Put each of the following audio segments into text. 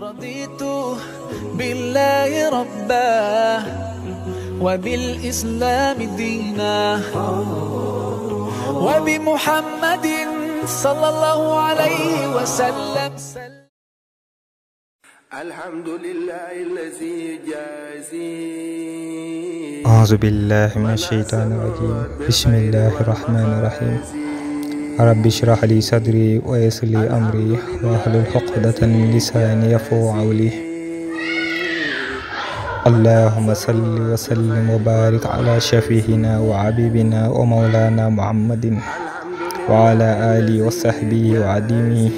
رضيت بالله ربا وبالإسلام دينا وبمحمد صلى الله عليه وسلم الحمد لله الذي جازي أعوذ بالله من الشيطان الرجيم بسم الله الرحمن الرحيم رب اشرح لي صدري ويسر لي أمري واحلل عقدة من لساني يفقهوا قولي اللهم صل وسلم وبارك على شفيهنا وحبيبنا ومولانا محمد وعلى آله وصحبه وعديمه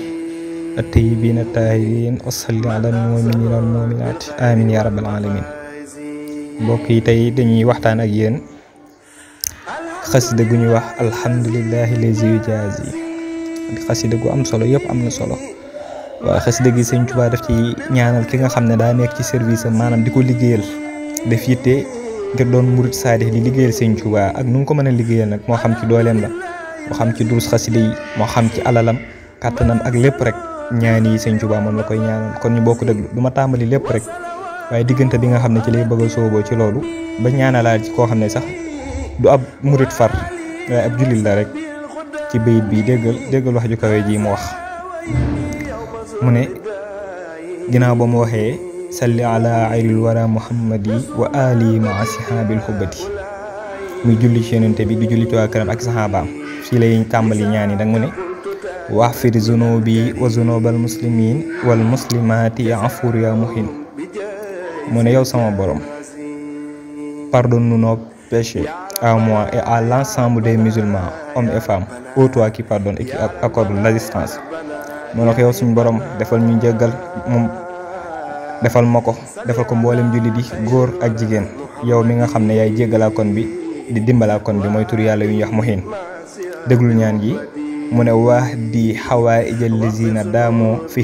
الطيبين الطاهرين وصل على المؤمنين والمؤمنات آمين يا رب العالمين بوكي تاي tey dañuy اك xasida gu ñuy wax alhamdulilahi les ujaas yi di xasida gu am solo yëpp am na solo waaw xasida gi sëñ Tuubaa daf ci ñaanal ki nga xam ne daa nekk ci service am maanaam di ko liggéeyal def yitte ngir doon murit saadix di liggéeyal sëñ Tuubaa ak nu mu ko mën a liggéeyal nag moo xam ci dooleem la moo xam ci durus xasida yi moo xam ci alalam kàttanam ak lépp rek ñaan yi sëñ Tuubaa moom la koy ñaanal kon ñu bokk déglu du ma tàmbali lépp rek waaye diggante bi nga xam ne ci lay bëgg a sooboo ci ba ñaanalaat koo xam ne sax du ab murit far waaye ab jullit la rek ci bayit bi déggal déggal wax ju kawe ji mu wax mu ne ginnaaw ba mu waxee salli ala ayril wara muhammadi wa ali ma asihaabil xubbati muy julli ci yonente bi di julli ci waa këram ak saxaabaam fii lay tàmbali ñaan yi nag mu ne waxfir zunubi wa zunubal muslimin wal muslimaati ya afuur ya muhin mu ne yow sama borom pardon nu nopp à moi et à l'ensemble des musulmans hommes et femmes au toi qui pardonne et qui accorde l'assistance distance. na ko yow suñu borom defal ñu jéggal moom defal ma ko defal ko mboolem julli di góor ak jigéen yow mi nga xam ne yaay jéggalaa kon bi di dimbalaa kon bi mooy tur yàlla yu ñu wax muhin déglu ñaan gi fi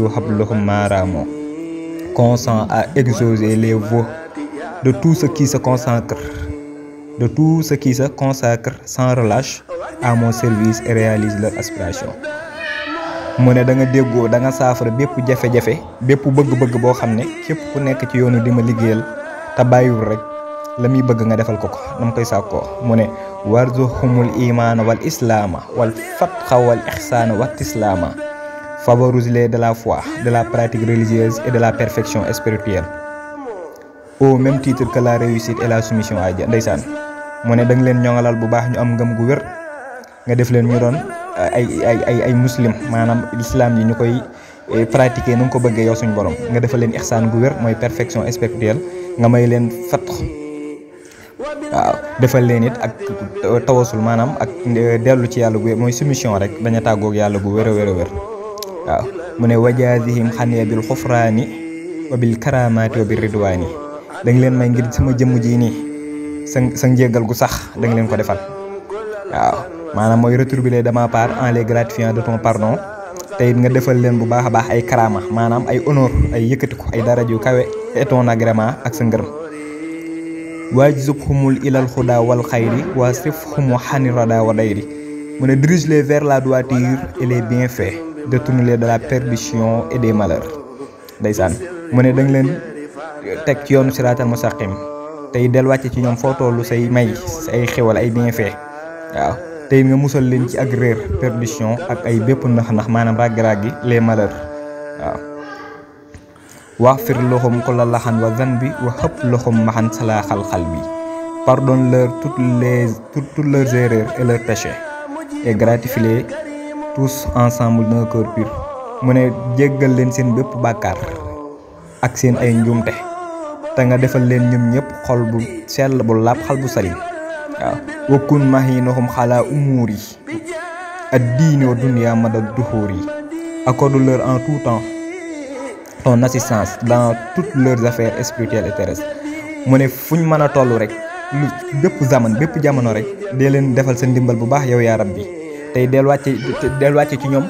wa habluhum consent à exaucer les voeux de tout ce qui se consacre de tout ce qui se consacre sans relâche à mon service et réalise leur aspiration mu ne da nga déggoo da nga saafara bépp jafe-jafe bépp bëgg-bëgg boo xam ne képp ku nekk ci yoonu di ma liggéeyal te bàyyiwul rek la bëgg nga defal ko ko na koy sako muné ne warzuhumul iman wal islam wal fatxa wal ihsan wat islaama favorise-les de la foi de la pratique religieuse et de la perfection spirituelle au même titre que la réussite et la soumission à Dieu ndeysaan mu ne da leen ñoŋalal bu baax ñu am ngëm gu wér nga def leen ñu doon ay ay ay ay muslim maanaam islam yi ñu koy eh, pratiquer nu nga ko bëggee yow suñu borom nga defal leen ixsaan gu wér mooy perfection spirituelle nga may leen fatx waaw leen it ak tawasul maanaam ak eh, dellu ci yàlla gu mooy soumission rek bañ a yàlla gu wér a wér a wér waaw mu ne wajaazihim xanee bil xufraani wa bil karaamaati wa bil ridwaani da nga leen may ngir sama jëmm ji nii sa sa njéggal gu sax da leen ko defal waaw maanaam mooy rétribuer de ma part en les gratifiant de ton pardon te it nga defal leen bu baax a baax ay karaama maanaam ay honneur ay yëkkati ko ay daraj kawe et ton agrément ak sa ngërëm waajisub xumul ilal xuda wal xayri waa sif xumu xani rada wa dayri mu ne dirige les vers la droiture et les bienfaits détourne les de la perdition et des malheurs ndeysaan mu ne danga leen teg ci yoonu siraatal mustaqim tey del wàcce ci ñoom foo tollu say may say xewal ay bienfait waaw tey nga musal leen ci ak réer perdition ak ay bépp nax ndax maanaam ràgg-ràgg gi les malheurs waaw waxfir loxoom ko la laxan wa zan bi wa xëpp loxoom maxan salaa xal-xal bi pardonne leur toutes les toutes leurs erreurs et leurs péchés et tous ensemble d'un cœur pur mu ne jéggal leen seen bépp bàkkaar ak seen ay njuumte te nga defal leen ñoom ñëpp xol bu sell bu lab xal bu sali waaw kun mahinuhum xala umuri ad-dini wa dunya madad duhuri accorde-leur en tout temps ton assistance dans toutes leurs affaires spirituelles et terrestres mu ne fuñ mën a toll rek lu bépp zaman bépp jamono rek dee leen defal seen ndimbal bu baax yow yaa rabbi tey del wàcce del wàcce ci ñoom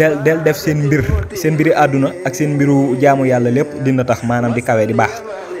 del del def seen mbir seen mbiri àdduna ak seen mbiru jaamu yàlla lépp dina tax maanaam di kawe di baax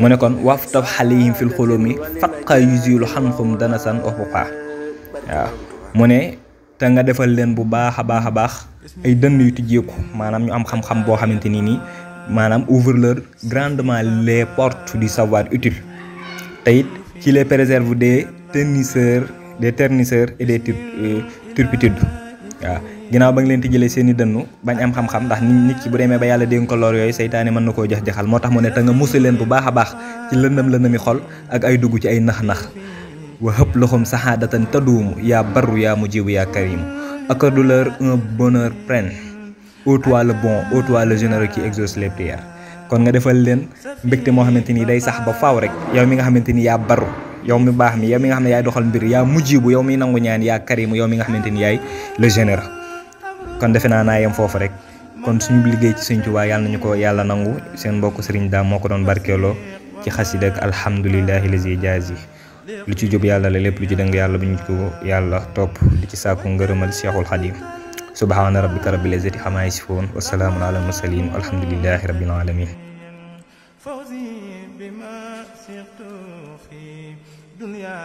mu ne kon xale yi fil xulumi yu yusilu xanxum dana san oxupa waaw mu ne te nga defal leen bu baax a baax a baax ay dënn yu tijjeeku maanaam ñu am xam-xam boo xamante ni nii maanaam ouvre leur grandement les porte du savoir utile te ci les préserve des ternisseurs des ternisseurs et des euh, turpitudes ginaaw ya. ginnaaw ba nga leen tijjalee seen i dënnu bañ am xam-xam ndax nit ci bu demee ba yalla dénk ko lor yoy seytane man nako jox jaxal motax mo ne ta nga musse leen bu baax a baax ci lëndëm lëndëmi xol ak ay duggu ci ay nax-nax wa hab loxum sahadatan tadum ya barru Ya mujibu ya karim accorde-leur un bonheur plein ô toi le bon ô toi le généreux qui exauce les prières kon nga defal leen mbekté mo xamanteni day sax ba faaw rek yow mi nga xamanteni ya barru yow mi bax mi yow mi nga xamne yaay doxal mbir ya mujibu yow mi nangu ñaan ya karim yow mi nga xamanteni yaay le général kon defena na yam fofu rek kon suñu liggéey ci sëñ Tuubaa yalla nañu ko yàlla nangu seen mbokk sëriñ da moko don barkelo ci alhamdulillahi lazi jazi lu ci jub yalla la lu ci deng yalla bu ñu ko yalla top di ci saku ngeureumal cheikhul khadim subhana rabbika rabbil izzati yasifun wa salamun ala mursalin rabbil alamin فوزي بما الدنيا